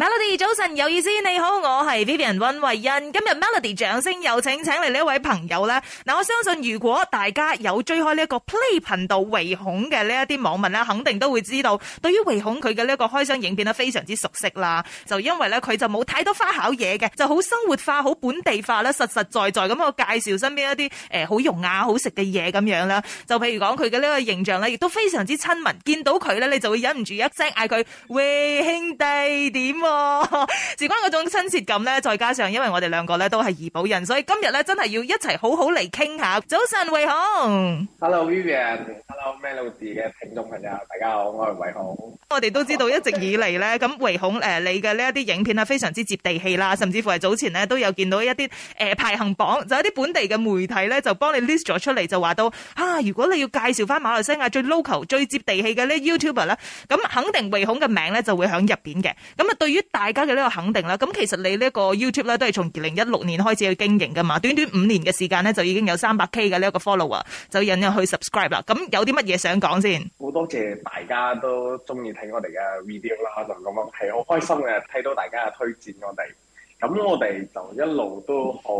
Melody 早晨有意思，你好，我係 Vivian 溫慧欣。今日 Melody 掌聲有請，請嚟呢一位朋友咧。嗱，我相信如果大家有追開呢一個 Play 頻道唯恐嘅呢一啲網民咧，肯定都會知道，對於唯恐佢嘅呢一個開箱影片咧，非常之熟悉啦。就因為咧，佢就冇太多花巧嘢嘅，就好生活化、好本地化啦，實實在在咁樣介紹身邊一啲誒好融雅好食嘅嘢咁樣啦。就譬如講佢嘅呢個形象咧，亦都非常之親民，見到佢咧，你就會忍唔住一聲嗌佢喂兄弟點啊！個事關嗰種親切感呢，再加上因為我哋兩個呢都係怡保人，所以今日呢真係要一齊好好嚟傾下。早晨，維孔。Hello Vivian，Hello 咩路字嘅聽眾朋友，大家好，我係維孔。我哋都知道一直以嚟呢，咁維孔誒，你嘅呢一啲影片啊，非常之接地氣啦，甚至乎係早前呢都有見到一啲誒、呃、排行榜，就是、一啲本地嘅媒體呢就幫你 list 咗出嚟，就話到啊，如果你要介紹翻馬來西亞最 local、最接地氣嘅呢 YouTube r 呢，咁肯定維孔嘅名呢就會響入邊嘅。咁啊，對於大家嘅呢個肯定啦，咁其實你呢個 YouTube 咧都係從二零一六年開始去經營噶嘛，短短五年嘅時間咧就已經有三百 K 嘅呢一個 follower，就引人去 subscribe 啦。咁有啲乜嘢想講先？好多謝大家都中意睇我哋嘅 video 啦，就咁樣係好開心嘅，睇到大家嘅推薦我哋，咁我哋就一路都好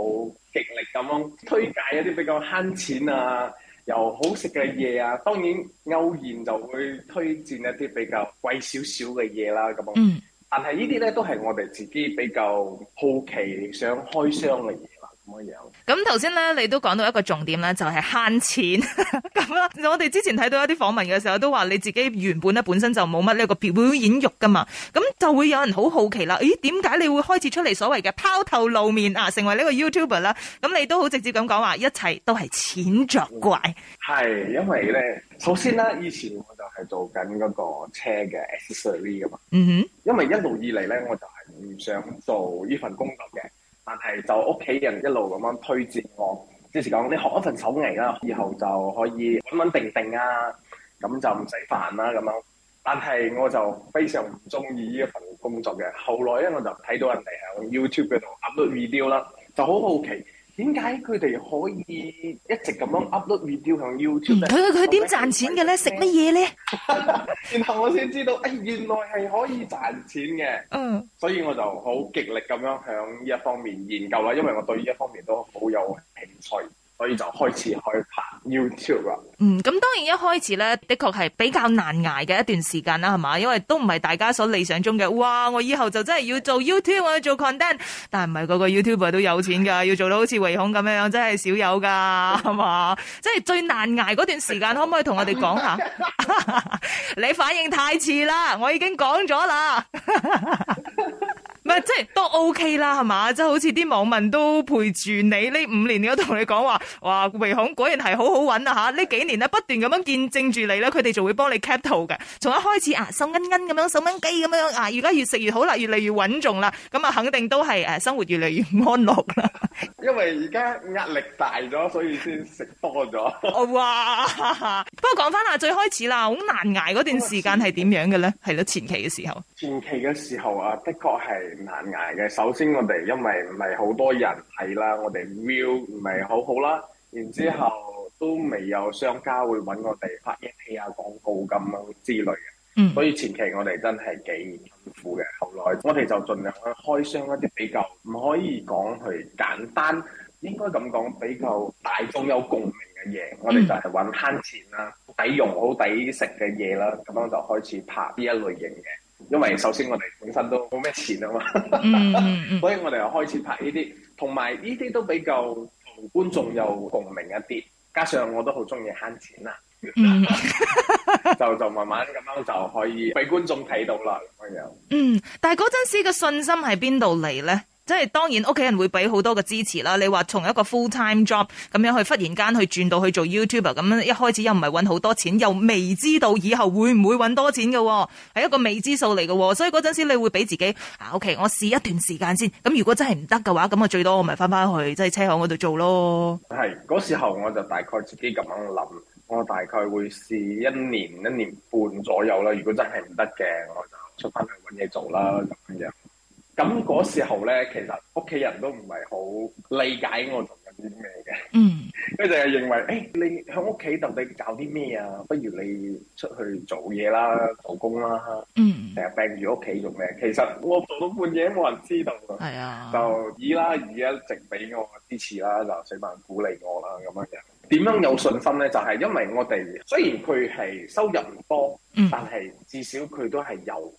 極力咁樣推介一啲比較慳錢啊，又好食嘅嘢啊，當然偶然就會推薦一啲比較貴少少嘅嘢啦，咁樣。但係呢啲咧都係我哋自己比較好奇想開箱嘅嘢啦，咁嘅樣。咁頭先咧，你都講到一個重點咧，就係、是、慳錢咁啦。 我哋之前睇到一啲訪問嘅時候，都話你自己原本咧本，本身就冇乜呢個表演欲噶嘛，咁就會有人好好奇啦。咦？點解你會開始出嚟所謂嘅拋頭露面啊？成為呢個 YouTuber 啦？咁你都好直接咁講話，一切都係錢作怪。係，因為咧，首先咧，以前。係做緊嗰個車嘅 accessory 㗎嘛、mm，hmm。因為一路以嚟咧，我就係唔想做呢份工作嘅。但係就屋企人一路咁樣推薦我，即是講你學一份手藝啦，以後就可以穩穩定定啊，咁就唔使煩啦咁樣。但係我就非常唔中意呢一份工作嘅。後來咧，我就睇到人哋喺 YouTube 嗰度 upload video 啦，就好好奇。點解佢哋可以一直咁樣 upload video 向 YouTube？佢佢佢點賺錢嘅咧？食乜嘢咧？ 然後我先知道，哎、原來係可以賺錢嘅。嗯，所以我就好極力咁樣向呢一方面研究啦，因為我對呢一方面都好有興趣。所以就開始去拍 YouTube 啊。嗯，咁當然一開始咧，的確係比較難捱嘅一段時間啦，係嘛？因為都唔係大家所理想中嘅。哇，我以後就真係要做 YouTube，我要做 content，但係唔係個個 YouTube 都有錢噶，要做到好似唯恐咁樣樣，真係少有噶，係嘛？ 即係最難捱嗰段時間， 可唔可以同我哋講下？ 你反應太遲啦，我已經講咗啦。 唔係，即係都 OK 啦，係嘛？即係好似啲網民都陪住你呢五年，你都同你講話，哇！鼻孔果然係好好揾啊嚇！呢幾年咧，不斷咁樣見證住你咧，佢哋就會幫你 capture 嘅。從一開始啊，瘦斤斤咁樣，瘦蚊雞咁樣啊，而家越食越好啦，越嚟越穩重啦，咁啊肯定都係誒生活越嚟越安樂啦。因為而家壓力大咗，所以先食多咗。哇！不過講翻下最開始啦，好難捱嗰段時間係點樣嘅咧？係咯，前期嘅時候。前期嘅時候啊，的確係。難捱嘅。首先我哋因為唔係好多人睇啦，我哋 view 唔係好好啦。然之後都未有商家會揾我哋拍一啲啊廣告咁樣之類嘅。嗯。所以前期我哋真係幾辛苦嘅。後來我哋就儘量開箱一啲比較唔可以講係簡單，應該咁講比較大眾有共鳴嘅嘢。我哋就係揾慳錢啦，抵用好抵食嘅嘢啦，咁樣就開始拍呢一類型嘅。因為首先我哋本身都冇咩錢啊嘛，mm hmm. 所以我哋又開始拍呢啲，同埋呢啲都比較同觀眾又共鳴一啲，加上我都好中意慳錢啊，mm hmm. 就就慢慢咁樣就可以俾觀眾睇到啦咁樣樣。嗯，但係嗰陣時嘅信心喺邊度嚟咧？即係當然，屋企人會俾好多嘅支持啦。你話從一個 full time job 咁樣去忽然間去轉到去做 YouTuber，咁樣一開始又唔係揾好多錢，又未知道以後會唔會揾多錢㗎喎，係一個未知數嚟㗎喎。所以嗰陣時你會俾自己啊，OK，我試一段時間先。咁如果真係唔得嘅話，咁我最多我咪翻返去即係、就是、車行嗰度做咯。係嗰時候我就大概自己咁樣諗，我大概會試一年、一年半左右啦。如果真係唔得嘅，我就出返去揾嘢做啦咁樣。咁嗰時候咧，其實屋企人都唔係好理解我做緊啲咩嘅，嗯，佢就係認為，誒、欸、你喺屋企到底搞啲咩啊？不如你出去做嘢啦，做工啦，嗯，成日病住屋企做咩？其實我做到半夜冇人知道啊，係啊，就姨啦一直俾我支持啦，就成日鼓勵我啦咁樣嘅。點樣有信心咧？就係、是、因為我哋雖然佢係收入唔多，嗯、但係至少佢都係有。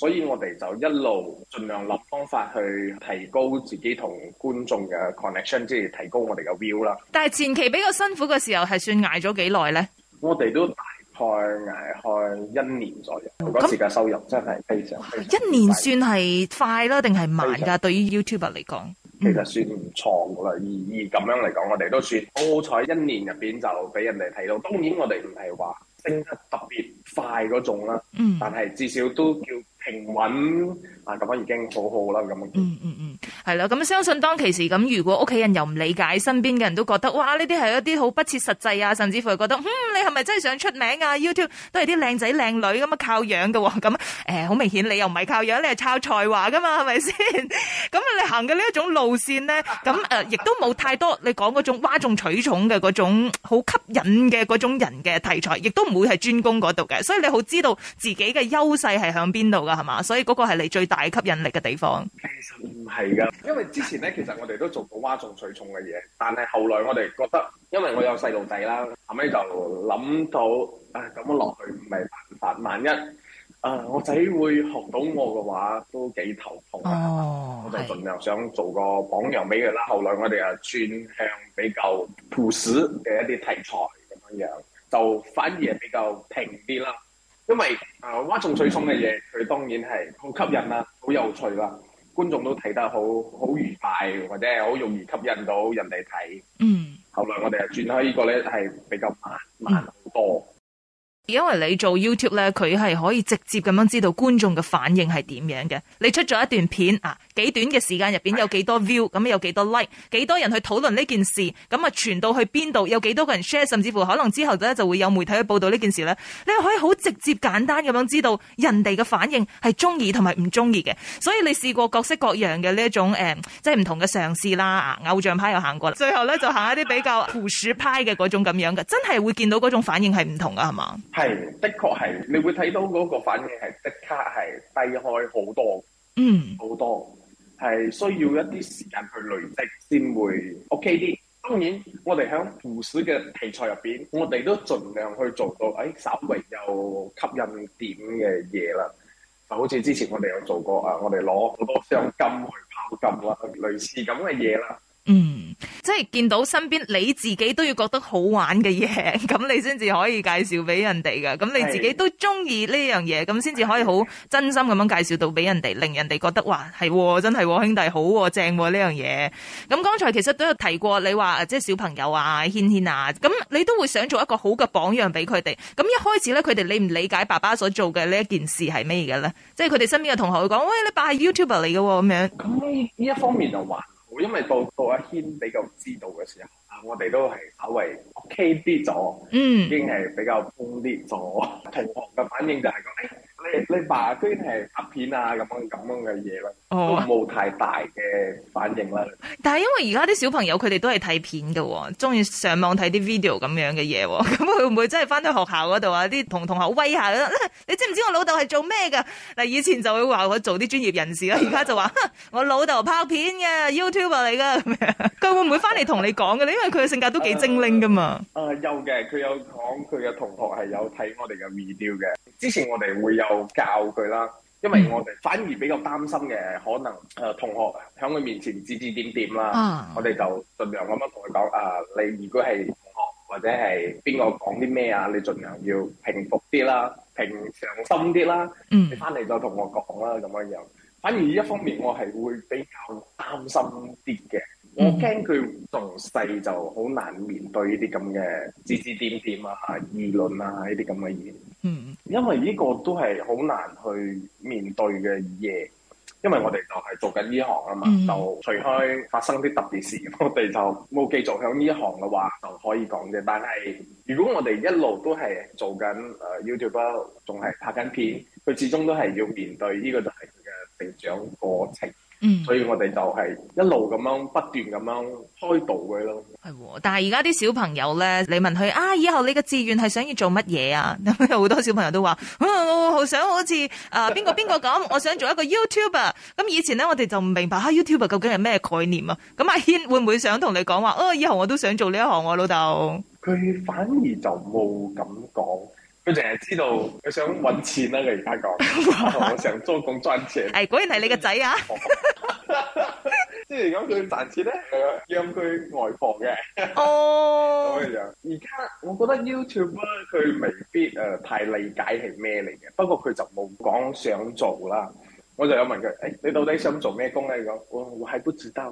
所以我哋就一路盡量諗方法去提高自己同觀眾嘅 connection，即係提高我哋嘅 view 啦。但係前期比較辛苦嘅時候係算挨咗幾耐咧？我哋都大概挨開一年左右，嗰時嘅收入真係非常，非常。一年算係快啦，定係慢噶？非常對於 YouTuber 嚟講，其實算唔錯噶啦。而而咁樣嚟講，我哋都算好彩，一年入邊就俾人哋睇到。當然我哋唔係話升得特別快嗰種啦，但係至少都叫。平穩。咁樣已經好好啦，咁嗯嗯嗯，係、嗯、啦，咁、嗯、相信當其時咁，如果屋企人又唔理解，身邊嘅人都覺得哇，呢啲係一啲好不切實際啊，甚至乎係覺得，嗯，你係咪真係想出名啊？YouTube 都係啲靚仔靚女咁樣，靠樣㗎喎，咁、嗯、誒，好、嗯、明顯你又唔係靠樣，你係靠才華噶嘛，係咪先？咁、 嗯、你行嘅呢一種路線呢，咁、嗯、誒，亦都冇太多你講嗰種嘩眾取寵嘅嗰種好吸引嘅嗰種人嘅題材，亦都唔會係專攻嗰度嘅，所以你好知道自己嘅優勢係向邊度噶，係嘛？所以嗰個係你最大吸引力嘅地方，其實唔係㗎，因為之前咧，其實我哋都做到嘩眾取寵嘅嘢，但係後來我哋覺得，因為我有細路仔啦，後尾就諗到，啊咁樣落去唔係辦法，萬一啊、呃、我仔會學到我嘅話，都幾頭痛，oh，我就盡量想做個榜樣俾佢啦。的後來我哋啊轉向比較樸實嘅一啲題材咁樣樣，就反而係比較平啲啦。因為誒，嘩眾取寵嘅嘢，佢當然係好吸引啦，好有趣啦，觀眾都睇得好好愉快，或者係好容易吸引到人哋睇。嗯。後來我哋啊轉開呢個咧，係比較慢慢好多。嗯嗯，因為你做 YouTube 咧，佢係可以直接咁樣知道觀眾嘅反應係點樣嘅。你出咗一段片啊。幾短嘅時間入邊有幾多 view，咁有幾多 like，幾多人去討論呢件事，咁啊傳到去邊度，有幾多個人 share，甚至乎可能之後咧就會有媒體去報道呢件事咧，你可以好直接簡單咁樣知道人哋嘅反應係中意同埋唔中意嘅。所以你試過各式各樣嘅呢一種誒、嗯，即係唔同嘅嘗試啦，啊、偶像派又行過啦，最後咧就行一啲比較狐鼠派嘅嗰種咁樣嘅，真係會見到嗰種反應係唔同噶，係嘛？係的確係，你會睇到嗰個反應係即刻係低開好多，嗯，好多。係需要一啲時間去累積先會 OK 啲。當然，我哋喺護士嘅題材入邊，我哋都盡量去做到誒、哎，稍微有吸引點嘅嘢啦。就好似之前我哋有做過啊，我哋攞好多箱金去拋金啦、啊，類似咁嘅嘢啦。嗯，即係見到身邊你自己都要覺得好玩嘅嘢，咁你先至可以介紹俾人哋噶。咁你自己都中意呢樣嘢，咁先至可以好真心咁樣介紹到俾人哋，令人哋覺得哇，係真係兄弟好正呢樣嘢。咁剛才其實都有提過你，你話即係小朋友啊，軒軒啊，咁你都會想做一個好嘅榜樣俾佢哋。咁一開始呢，佢哋理唔理解爸爸所做嘅呢一件事係咩嘅呢？即係佢哋身邊嘅同學會講，喂，你爸係 YouTuber 嚟嘅咁樣。咁呢呢一方面就話。因為到到阿軒比較知道嘅時候，啊、okay，我哋都係稍微 okay 啲咗，嗯，已經係比較崩啲咗，同學嘅反應嚟、就、講、是。哎哎、你爸居然係拍片啊，咁樣咁樣嘅嘢啦，哦、都冇太大嘅反應啦。但係因為而家啲小朋友佢哋都係睇片噶、哦，中意上網睇啲 video 咁樣嘅嘢、哦，咁佢會唔會真係翻到學校嗰度啊？啲同同學威下啦！你知唔知我老豆係做咩噶？嗱，以前就會話我做啲專業人士啦，而家就話 我老豆拍片嘅 YouTuber 嚟噶。佢 會唔會翻嚟同你講嘅咧？因為佢嘅性格都幾精靈噶嘛啊。啊，有嘅，佢有講，佢嘅同學係有睇我哋嘅 video 嘅。之前我哋會有教佢啦，因為我哋反而比較擔心嘅，可能誒、呃、同學喺佢面前指指點點啦，啊、我哋就盡量咁樣同佢講啊。你如果係同學或者係邊個講啲咩啊，你盡量要平復啲啦，平常心啲啦。嗯、你翻嚟就同我講啦，咁樣樣。反而一方面我係會比較擔心啲嘅，我驚佢仲細就好難面對呢啲咁嘅指指點點啊、啊議論啊呢啲咁嘅嘢。這嗯，因為呢個都係好難去面對嘅嘢，因為我哋就係做緊呢行啊嘛，就除開，發生啲特別事，我哋就冇繼續響呢行嘅話就可以講嘅。但係如果我哋一路都係做緊誒、呃、YouTube，仲係拍緊片，佢始終都係要面對呢個就係佢嘅成長過程。嗯，所以我哋就係一路咁樣不斷咁樣開導佢咯。係，但係而家啲小朋友咧，你問佢啊，以後你個志願係想要做乜嘢啊？有 好多小朋友都話，好、哦哦、想好似啊邊個邊個咁，呃、 我想做一個 YouTuber。咁、嗯、以前咧，我哋就唔明白，啊 YouTuber 究竟係咩概念啊？咁阿軒會唔會想同你講話？哦、啊，以後我都想做呢一行、啊，我老豆。佢反而就冇咁講。佢淨係知道佢想搵錢啦，佢而家講， 我想做工賺錢。誒， 果然係你個仔啊！即係咁，佢賺錢咧，讓佢外婆嘅。哦、oh，咁樣。而家我覺得 YouTube 佢未必誒、呃、太理解係咩嚟嘅，不過佢就冇講想做啦。我就有問佢，誒、哎，你到底想做咩工咧？佢，我我還不知道。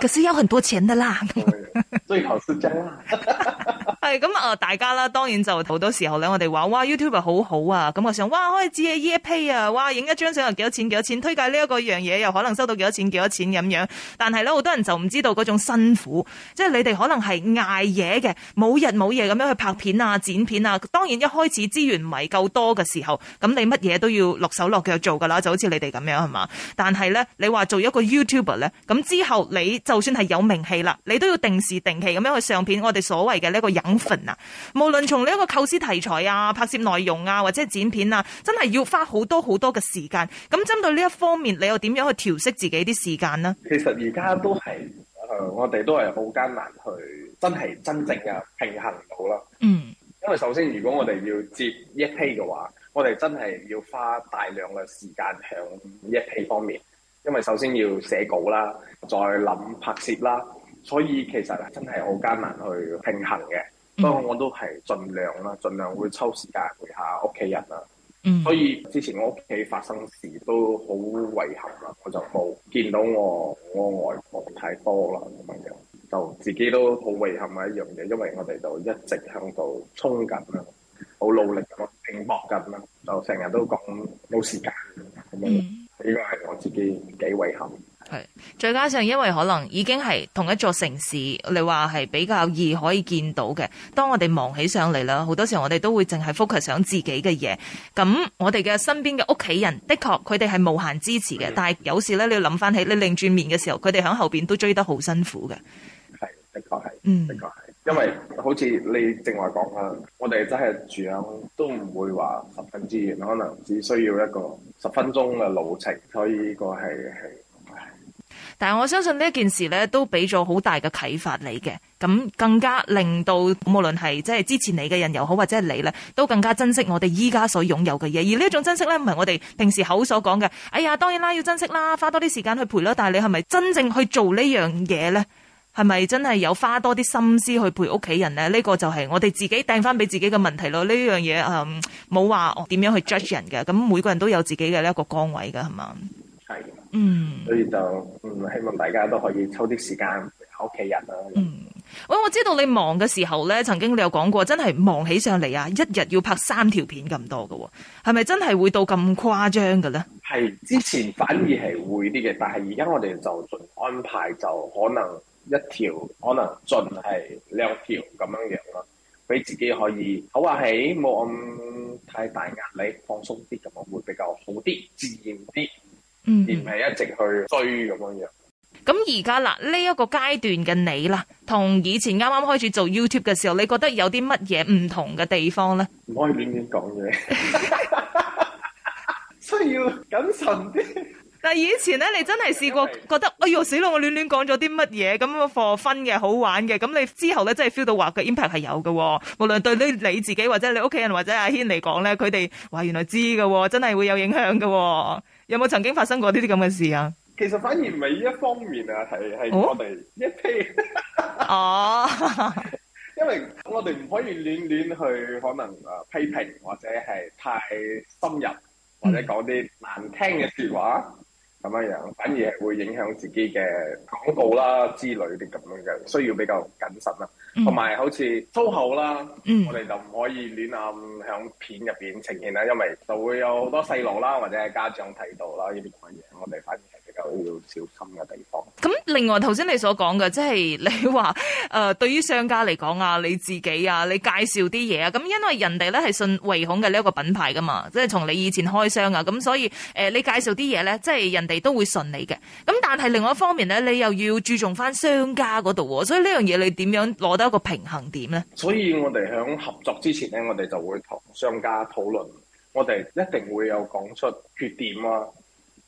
其實有很多錢的啦， 最好是真啦 係咁啊，大家啦，當然就好多時候咧，我哋話，哇，YouTube 好好啊！咁、嗯、我想，哇，可以接 EAP 啊！哇，影一張相又幾多錢幾多錢？推介呢一個樣嘢又可能收到幾多錢幾多錢咁樣。但係咧，好多人就唔知道嗰種辛苦，即、就、係、是、你哋可能係捱夜嘅，冇日冇夜咁樣去拍片啊、剪片啊。當然一開始資源唔係夠多嘅時候，咁你乜嘢都要落手落腳做㗎啦。就好似你哋咁樣係嘛，但係咧，你話做一個 YouTuber 咧，咁之後你就算係有名氣啦，你都要定時定期咁樣去上片。我哋所謂嘅呢一個養粉啊，無論從呢一個構思題材啊、拍攝內容啊或者剪片啊，真係要花好多好多嘅時間。咁針對呢一方面，你又點樣去調適自己啲時間呢？其實而家都係、嗯嗯，我哋都係好艱難去真係真正嘅平衡到啦。嗯，因為首先如果我哋要接一批嘅話。我哋真係要花大量嘅時間喺一 P 方面，因為首先要寫稿啦，再諗拍攝啦，所以其實真係好艱難去平衡嘅。不過我都係盡量啦，盡量會抽時間陪下屋企人啊。嗯、所以之前我屋企發生事都好遺憾啊，我就冇見到我我外婆太多啦咁樣，就自己都好遺憾啊一樣嘢，因為我哋就一直向度衝緊啊。好努力咁拼搏緊啦，就成日都講冇時間，咁呢個係我自己幾遺憾。係再加上因為可能已經係同一座城市，你話係比較易可以見到嘅。當我哋忙起上嚟啦，好多時候我哋都會淨係 focus 上自己嘅嘢。咁我哋嘅身邊嘅屋企人，的確佢哋係無限支持嘅。Mm. 但係有時咧，你要諗翻起，你擰轉面嘅時候，佢哋喺後邊都追得好辛苦嘅。係，的確係。嗯，的確係。Mm. 因為好似你正話講啦，我哋真係住響都唔會話十分之遠，可能只需要一個十分鐘嘅路程，所以呢個係係。但係我相信呢一件事呢都俾咗好大嘅啟發你嘅，咁更加令到無論係即係支持你嘅人又好，或者係你呢都更加珍惜我哋依家所擁有嘅嘢。而呢一種珍惜呢，唔係我哋平時口所講嘅。哎呀，當然啦，要珍惜啦，花多啲時間去陪啦。但係你係咪真正去做呢樣嘢呢？係咪真係有花多啲心思去陪屋企人呢？呢個就係我哋自己掟翻俾自己嘅問題咯。呢樣嘢冇話點樣去 judge 人嘅。咁每個人都有自己嘅呢一個崗位嘅，係嘛？係，嗯，嗯。所以就希望大家都可以抽啲時間陪屋企人啦，嗯。喂，我知道你忙嘅時候呢，曾經你有講過，真係忙起上嚟啊，一日要拍三條片咁多嘅，係咪真係會到咁誇張嘅呢？係之前反而係會啲嘅，但係而家我哋就安排就可能。一條可能盡係兩條咁樣樣咯，俾自己可以好啊起，冇咁太大壓力，放鬆啲咁樣，會比較好啲，自然啲，而唔係一直去追咁樣樣。咁而家嗱，呢、hmm. 一個階段嘅你啦，同以前啱啱開始做 YouTube 嘅時候，你覺得有啲乜嘢唔同嘅地方咧？唔可以亂亂講嘢， 需要謹慎啲。但以前咧，你真係試過覺得，為哎呦死咯！我亂亂講咗啲乜嘢咁嘅 for fun 嘅，好玩嘅。咁你之後咧，真係 feel 到話嘅 impact 係有嘅、哦，無論對啲你自己或者你屋企人或者阿軒嚟講咧，佢哋話原來知嘅、哦，真係會有影響嘅、哦。有冇曾經發生過呢啲咁嘅事啊？其實反而唔係依一方面啊，係係我哋一批哦，因為我哋唔可以亂亂去可能誒批評或者係太深入或者講啲難聽嘅説話。嗯咁樣樣，反而係會影響自己嘅廣告啦之類啲咁樣嘅，需要比較謹慎啦。同埋、嗯、好似粗口啦，我哋就唔可以亂咁響片入邊呈現啦，因為就會有好多細路啦，或者係家長睇到啦呢啲咁嘅嘢，我哋反而係比較要小心嘅地方。咁、嗯嗯、另外頭先你所講嘅，即、就、係、是、你話誒、呃、對於商家嚟講啊，你自己啊，你介紹啲嘢啊，咁因為人哋咧係信唯恐嘅呢一個品牌㗎嘛，即係從你以前開箱啊，咁所以誒、呃、你介紹啲嘢咧，即係人哋。亦都會順利嘅，咁但係另外一方面咧，你又要注重翻商家嗰度，所以呢樣嘢你點樣攞得一個平衡點咧？所以我哋喺合作之前咧，我哋就會同商家討論，我哋一定會有講出缺點啦、啊，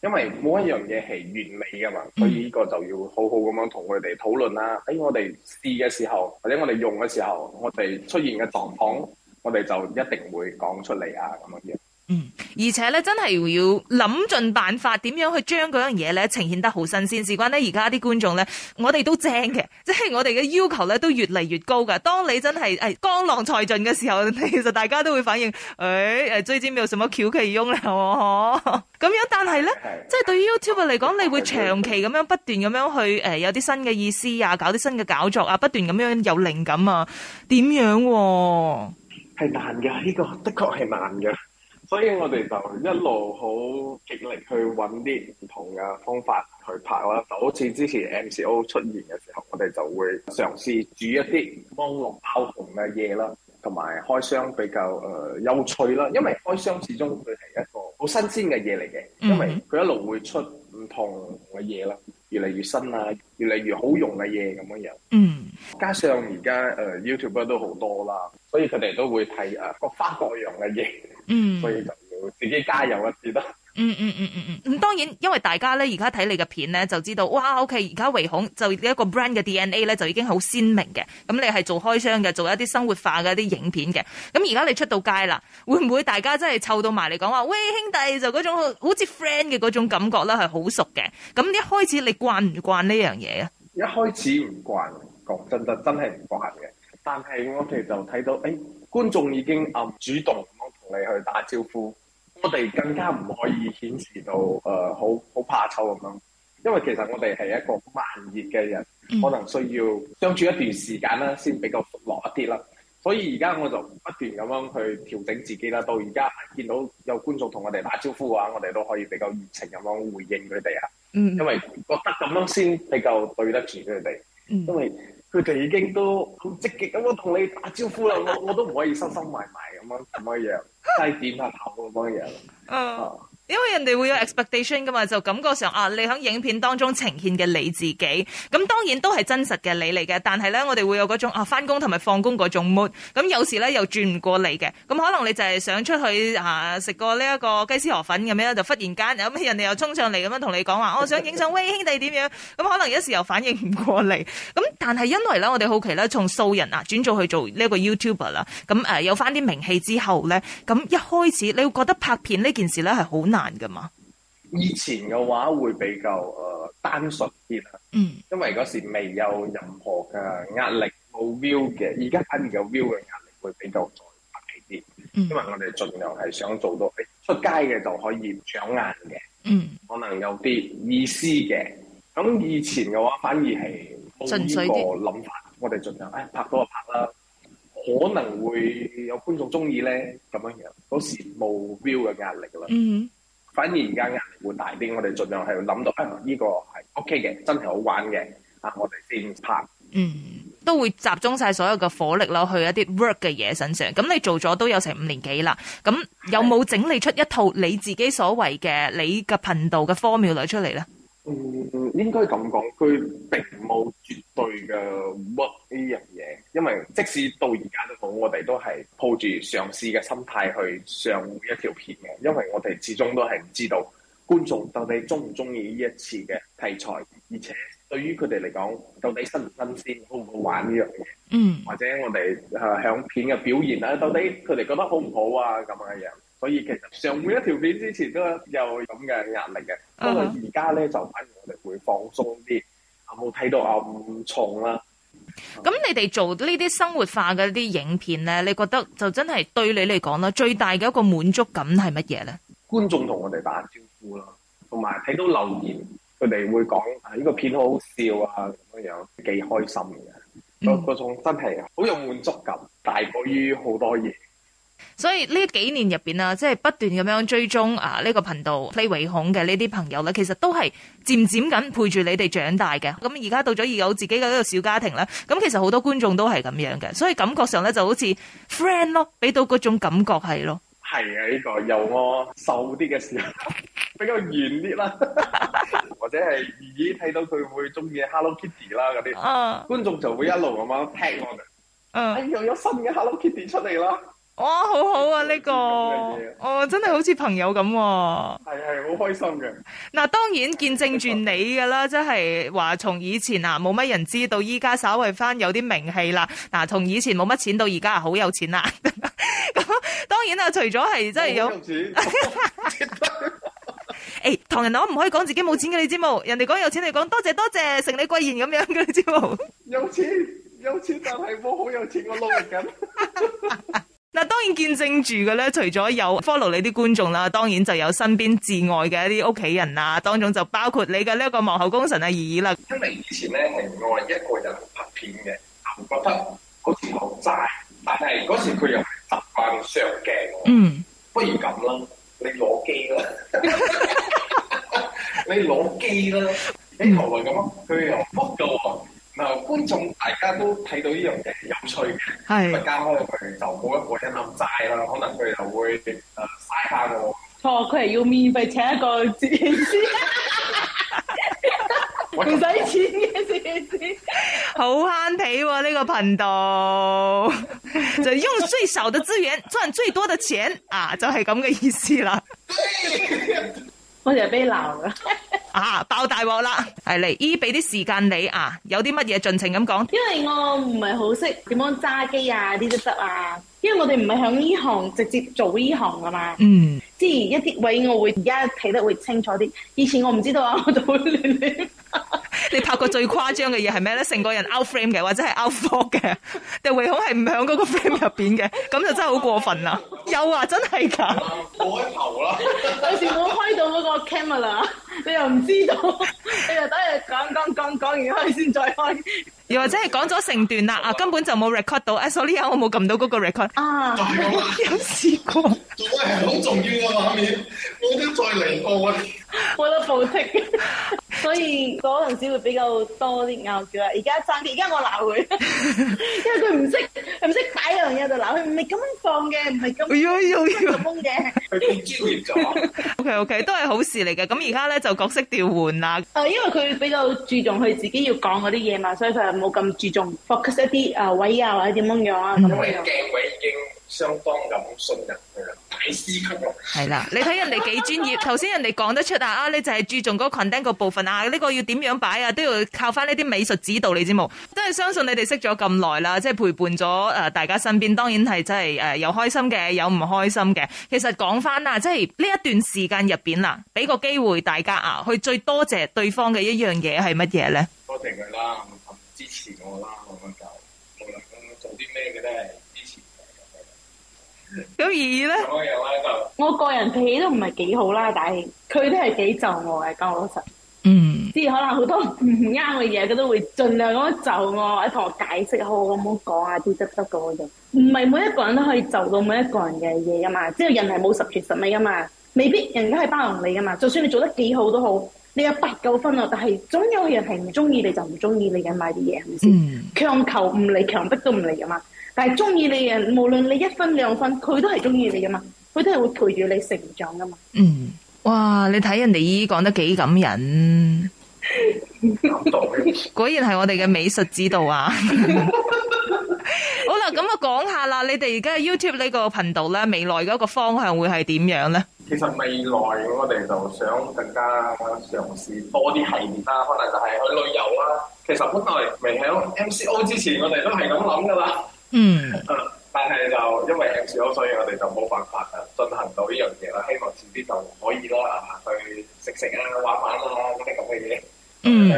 因為每一樣嘢係完美噶嘛，所以呢個就要好好咁樣同佢哋討論啦。喺、哎、我哋試嘅時候或者我哋用嘅時候，我哋出現嘅狀況，我哋就一定會講出嚟啊，咁樣。嗯，而且咧，真係要諗盡辦法，點樣去將嗰樣嘢咧呈現得好新鮮。事關呢，而家啲觀眾咧，我哋都正嘅，即係我哋嘅要求咧都越嚟越高噶當你真係誒江郎才盡嘅時候，其實大家都會反應誒誒，最、哎、尖面有什麽翹其庸啦，嗬 咁樣。但係咧，即係對於 YouTube 嚟講，你會長期咁樣不斷咁樣去誒、呃，有啲新嘅意思啊，搞啲新嘅搞作啊，不斷咁樣有靈感啊，點樣？係、這個、難嘅，呢個的確係難嘅。所以我哋就一路好極力去揾啲唔同嘅方法去拍啦，就好似之前 MCO 出現嘅時候，我哋就會嘗試煮一啲網絡爆紅嘅嘢啦，同埋開箱比較誒有、呃、趣啦，因為開箱始終佢係一個好新鮮嘅嘢嚟嘅，因為佢一路會出唔同嘅嘢啦，越嚟越新啊，越嚟越好用嘅嘢咁樣樣。嗯，加上而家誒、呃、YouTube 都好多啦，所以佢哋都會睇啊各花各樣嘅嘢。呃嗯，所以就要自己加油一啲啦。嗯嗯嗯嗯嗯，咁、嗯、當然，因為大家咧而家睇你嘅片咧，就知道哇，OK，而家唯恐就一個 brand 嘅 DNA 咧，就已經好鮮明嘅。咁你係做開箱嘅，做一啲生活化嘅一啲影片嘅。咁而家你出到街啦，會唔會大家真係湊到埋嚟講話？喂，兄弟，就嗰種好似 friend 嘅嗰種感覺咧，係好熟嘅。咁一開始你慣唔慣呢樣嘢啊？一開始唔慣，講真真真係唔慣嘅。但係我其實就睇到，誒、哎，觀眾已經啊主動。同你去打招呼，我哋更加唔可以顯示到誒好好怕醜咁樣，因為其實我哋係一個慢熱嘅人，嗯、可能需要相處一段時間啦，先比較熟絡一啲啦。所以而家我就不斷咁樣去調整自己啦。到而家見到有觀眾同我哋打招呼嘅話，我哋都可以比較熱情咁樣回應佢哋啊。嗯，因為覺得咁樣先比較對得住佢哋。嗯、因為。佢哋已經都好積極咁樣同你打招呼啦，我我都唔可以收收埋埋咁樣咁樣樣，即係點下頭咁樣樣。嗯。因為人哋會有 expectation 噶嘛，就感覺上啊，你喺影片當中呈現嘅你自己，咁、啊、當然都係真實嘅你嚟嘅。但係咧，我哋會有嗰種啊，翻工同埋放工嗰種 mode，咁有時咧又轉唔過嚟嘅。咁、啊、可能你就係想出去啊，食過呢一個雞絲河粉咁樣，就忽然間、啊、人哋又衝上嚟咁樣同你講話，我、啊、想影相喂，兄弟點樣？咁、啊、可能有時又反應唔過嚟。咁、啊、但係因為咧，我哋好奇咧，從素人啊轉咗去做呢、啊啊、一個 YouTuber 啦，咁誒有翻啲名氣之後咧，咁、啊、一開始你會覺得拍片呢件事咧係好難。難噶嘛？以前嘅話會比較誒、呃、單純啲啦，嗯，因為嗰時未有任何嘅壓力，冇 view 嘅，而家反而有 view 嘅壓力會比較再大啲，嗯、因為我哋盡量係想做到誒、欸、出街嘅就可以搶眼嘅，嗯，可能有啲意思嘅，咁以前嘅話反而係冇呢個諗法，我哋盡量誒、哎、拍多就拍啦，可能會有觀眾中意咧咁樣樣，嗰時冇 view 嘅壓力啦，嗯。反而而家壓力會大啲，我哋盡量係會諗到，呢、哎這個係 OK 嘅，真係好玩嘅，啊我哋先拍。嗯，都會集中晒所有嘅火力咯，去一啲 work 嘅嘢身上。咁你做咗都有成五年幾啦，咁有冇整理出一套你自己所謂嘅你嘅頻道嘅 formula 出嚟咧？嗯，應該咁講，佢並冇絕對嘅 work 呢樣嘢，因為即使到而家都好，我哋都係抱住嘗試嘅心態去上一條片嘅，因為我哋始終都係唔知道觀眾到底鍾唔鍾意呢一次嘅題材，而且對於佢哋嚟講，到底新唔新鮮，好唔好玩呢樣嘢，嗯，或者我哋係響片嘅表現啊，到底佢哋覺得好唔好啊咁嘅樣。所以其實上每一條片之前都有咁嘅壓力嘅，不過而家咧就反而我哋會放鬆啲，冇睇到咁重啦、啊。咁你哋做呢啲生活化嘅啲影片咧，你覺得就真係對你嚟講咧，最大嘅一個滿足感係乜嘢咧？觀眾同我哋打招呼咯，同埋睇到留言，佢哋會講啊呢、呢個片好好笑啊咁樣樣，幾開心嘅嗰嗰種真係好有滿足感，大過於好多嘢。所以呢幾年入邊、就是、啊，即係不斷咁樣追蹤啊呢個頻道 Play 唯恐嘅呢啲朋友咧，其實都係漸漸咁陪住你哋長大嘅。咁而家到咗已有自己嘅一個小家庭啦。咁其實好多觀眾都係咁樣嘅，所以感覺上咧就好似 friend 咯，俾到嗰種感覺係咯。係啊，呢個有我瘦啲嘅時候比較圓啲啦，或者係依依睇到佢會中意 Hello Kitty 啦嗰啲，觀眾就會一路咁樣聽我嘅。嗯，又有新嘅 Hello Kitty 出嚟啦。哇，好好啊呢，這個，哦，真係好似朋友咁，啊。係，係好開心嘅。嗱，啊，當然見證住你噶啦，即係話，從以前啊冇乜人知道到依家稍微翻有啲名氣啦。嗱，啊，從以前冇乜錢到而家好有錢啦。咁 當然啦，啊，除咗係真係有。 有錢。誒， 哎，唐人我唔可以講自己冇錢嘅你知冇？人哋講有錢你講多謝多謝，承你貴言咁樣嘅你知冇？ 有錢，有錢，但係我好有錢，我努力緊。 嗱，當然見證住嘅咧，除咗有 follow 你啲觀眾啦，當然就有身邊至愛嘅一啲屋企人啊，當中就包括你嘅呢一個幕後功臣阿怡啦。因為以前咧另外一個人拍片嘅，我覺得好似好渣，但係嗰時佢又習慣上鏡，嗯，不如咁啦，你攞機啦， 你攞機啦，你同我咁佢又幫我。觀眾大家都睇到呢樣嘢有趣嘅是，可能佢哋就冇一個欣欣齋啦。可能佢哋就會誒嘥下個錯，佢係要免費請一個攝影師，唔 使 喂錢嘅攝影師，好慳皮喎呢個頻道， 就用最少嘅資源賺最多嘅錢啊，就係咁嘅意思啦。 我成日俾你鬧噶、 啊，啊爆大鑊啦！嚟姨俾啲時間你啊，有啲乜嘢盡情咁講。因為我唔係好識點樣揸機啊，啲都得啊。因為我哋唔係響呢行直接做呢行噶嘛。嗯。即係一啲位我會而家睇得會清楚啲，以前我唔知道啊，我就會亂亂。 你拍過最誇張嘅嘢係咩咧？成個人 out frame 嘅，或者係 out f 框嘅，條圍好係唔響嗰個 frame 入邊嘅，咁就真係好過分啦！ 有啊，真係㗎。開 頭啦了， 有時冇開到嗰個 camera，你又唔知道，你又等佢講講講講完開先再開,始開始。又或者係講咗成段啦，嗯、啊根本就冇 record 到，欸、所以呢刻我冇撳到嗰個 record。啊，有試過，仲係好重要嘅畫面，冇得再嚟過啊，獲得補償，啊、 所以嗰陣時會比較多啲拗撬啊。而家爭，而家我鬧佢， 因為佢唔識，唔識。 唔係咁樣放嘅，唔係咁樣做嘅，佢都超越咗。 OK OK，都係好事嚟嘅。咁而家咧就角色調換啦。啊、呃，因為佢比較注重佢自己要講嗰啲嘢嘛，所以佢係冇咁注重 focus 一啲啊、呃、位啊或者點樣樣啊。嗯、因為鏡位已經相當咁信任佢啦。係啦， 你睇人哋幾專業，頭先 人哋講得出啊，啊，你就係注重嗰群丁個部分啊，呢個要點樣擺啊，都要靠翻呢啲美術指導，你知冇？都係相信你哋識咗咁耐啦，即係陪伴咗誒大家身邊，當然係真係誒有開心嘅，有唔開心嘅。其實講翻啦，即係呢一段時間入邊啦，俾個機會大家啊，去最多謝對方嘅一樣嘢係乜嘢咧？多謝佢啦，支持我啦。咁而咧，我個人脾氣都唔係幾好啦，但係佢都係幾就我嘅，講老實。嗯，即係可能好多唔啱嘅嘢，佢都會盡量咁樣就我，或者同我解釋，好咁講下啲得得過嘅嗰種。唔係每一個人都可以就到每一個人嘅嘢噶嘛，知道人係冇十全十美噶嘛，未必人家係包容你噶嘛。就算你做得幾好都好，你有八九分咯，但係總有人係唔中意你，就唔中意你嘅買啲嘢，係咪先？嗯、強求唔嚟，強逼都唔嚟噶嘛。但係中意你嘅，無論你一分兩分，佢都係中意你噶嘛？佢都係會陪住你成長噶嘛？嗯，哇！你睇人哋已經講得幾感人， 果然係我哋嘅美術指導啊。 好啦，咁啊，我講下啦。你哋而家 YouTube 呢個頻道咧，未來嗰個方向會係點樣咧？其實未來我哋就想更加嘗試多啲系列啦，可能就係去旅遊啦、啊。其實本來未響 M C O 之前，我哋都係咁諗噶啦。 嗯，mm. 但係就因為有事咗，所以我哋就冇辦法啊，進行到呢樣嘢啦。希望遲啲就可以咯，啊，去食食啊，玩玩啊，呢啲咁嘅嘢。嗯，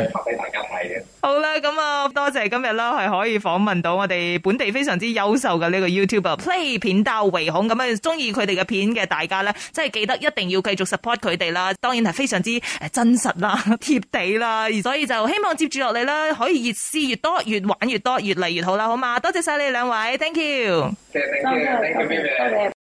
好啦，咁、嗯、啊，多謝今日啦，係可以訪問到我哋本地非常之優秀嘅呢個 YouTuber Play 片刀維恐，咁啊，中意佢哋嘅片嘅大家呢，即係記得一定要繼續 support 佢哋啦。當然係非常之真實啦，貼地啦，而所以就希望接住落嚟啦，可以越試越多，越玩越多，越嚟越好啦，好嘛？多謝晒你兩位，Thank you。Bye. Bye bye.